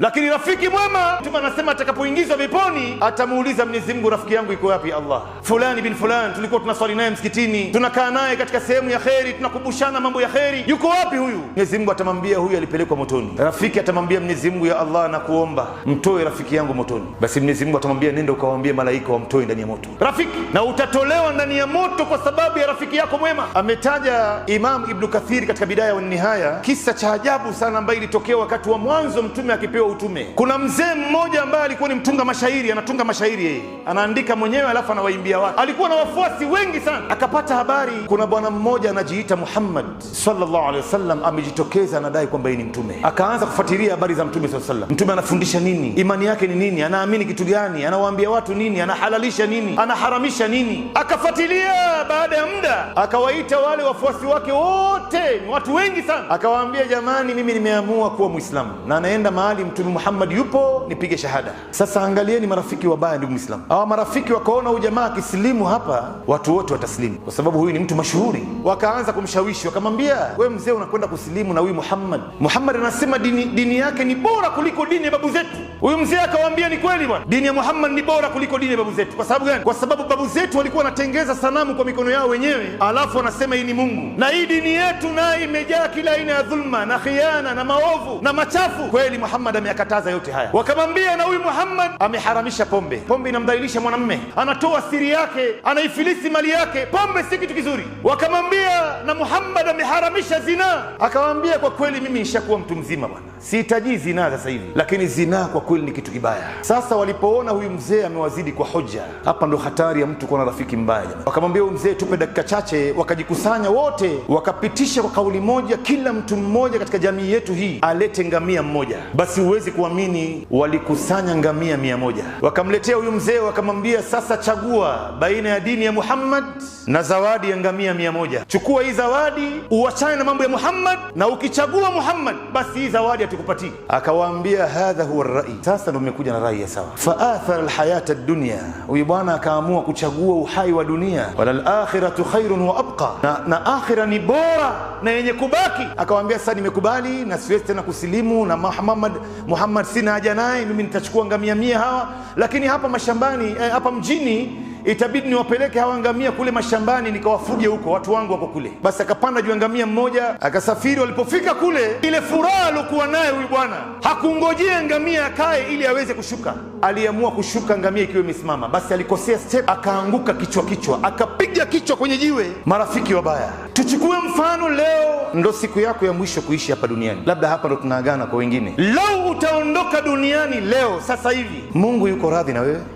Lakini rafiki mwema, Mtume anasema atakapoingizwa peponi atamuuliza Mwenyezi Mungu, rafiki yangu iko wapi? Allah fulani bin fulani, tulikuwa tunaswali naye msikitini, tunakaa naye katika sehemu ya kheri, tunakumbushana mambo ya kheri, yuko wapi huyu? Mwenyezi Mungu atamwambia huyu alipelekwa motoni. Rafiki atamwambia Mwenyezi Mungu, ya Allah, nakuomba mtoe rafiki yangu motoni. Basi Mwenyezi Mungu atamwambia, nenda ukawaambie malaika wamtoe ndani ya moto rafiki, na utatolewa ndani ya moto kwa sababu ya rafiki yako mwema. Ametaja imamu Ibnu Kathiri katika Bidaya wa Nihaya kisa cha ajabu sana ambayo ilitokea wakati wa mwanzo Mtume akipewa wa utume. Kuna mzee mmoja ambaye alikuwa ni mtunga mashairi, anatunga mashairi yeye, anaandika mwenyewe alafu anawaimbia watu, alikuwa na wafuasi wengi sana. Akapata habari kuna bwana mmoja anajiita Muhammad sallallahu alaihi wasallam amejitokeza, anadai kwamba yeye ni mtume. Akaanza kufuatilia habari za mtume sallallahu alaihi wasallam, mtume anafundisha nini, imani yake ni nini, anaamini kitu gani, anawaambia watu nini, anahalalisha nini, anaharamisha nini. Akafuatilia baada ya muda akawaita wale wafuasi wake wote, ni watu wengi sana, akawaambia jamani, mimi nimeamua kuwa Mwislamu na anaenda mahali Mtume Muhammad yupo, nipige shahada. Sasa angalieni marafiki wabaya, ndugu Mwislamu. Hawa marafiki wakaona jamaa akisilimu hapa watu wote watasilimu, kwa sababu huyu ni mtu mashuhuri. Wakaanza kumshawishi, wakamwambia we mzee, unakwenda kusilimu na huyu Muhammad. Muhammad anasema dini, dini yake ni bora kuliko dini ya babu zetu. Huyu mzee akawaambia ni kweli bwana, dini ya Muhammad ni bora kuliko dini ya babu zetu. Kwa sababu gani? Kwa sababu babu zetu walikuwa wanatengeza sanamu kwa mikono yao wenyewe alafu anasema hii ni Mungu. Na hii dini yetu nayo imejaa kila aina ya dhulma na khiana na maovu na machafu. Kweli Muhammad ameyakataza yote haya, wakamwambia na huyu Muhammad ameharamisha pombe. Pombe inamdhalilisha mwanamme, anatoa siri yake, anaifilisi mali yake. Pombe si kitu kizuri. Wakamwambia na Muhammad ameharamisha zinaa, akawaambia kwa kweli mimi nishakuwa mtu mzima bwana, sihitaji zinaa sasa hivi, lakini zinaa kwa kweli ni kitu kibaya. Sasa walipoona huyu mzee amewazidi kwa hoja, hapa ndo hatari ya mtu kuwa na rafiki mbaya. Wakamwambia huyu mzee, tupe dakika chache wachache wakajikusanya wote wakapitisha kwa kauli moja, kila mtu mmoja katika jamii yetu hii alete ngamia mmoja, basi huwezi kuamini, walikusanya ngamia mia moja. Wakamletea huyu mzee, wakamwambia sasa, chagua baina ya dini ya Muhammad na zawadi ya ngamia mia moja. Chukua hii zawadi, uachane na mambo ya Muhammad, na ukichagua Muhammad basi hii zawadi hatukupatii. Akawaambia hadha huwa rai, sasa ndo mmekuja na rai ya sawa. Faathara lhayata dunia, huyu bwana akaamua kuchagua uhai wa dunia, wal akhiratu khair khairun wa abqa, na, na akhira ni bora na yenye kubaki. Akawambia sasa, nimekubali na siwezi tena kusilimu na Muhammad, Muhammad sina haja naye, mimi nitachukua ngamia mia hawa, lakini hapa mashambani eh, hapa mjini itabidi niwapeleke hawa ngamia kule mashambani nikawafuge huko, watu wangu wako kule. Basi akapanda juu ya ngamia mmoja akasafiri. Walipofika kule, ile furaha aliokuwa naye huyu bwana hakungojea ngamia akae ili aweze kushuka, aliamua kushuka ngamia ikiwa imesimama. Basi alikosea step, akaanguka kichwa kichwa, akapiga kichwa kwenye jiwe. Marafiki wabaya, tuchukue mfano leo ndo siku yako ya mwisho kuishi hapa duniani. Labda hapa ndo tunaagana kwa wengine. Lau utaondoka duniani leo sasa hivi, Mungu yuko radhi na wewe?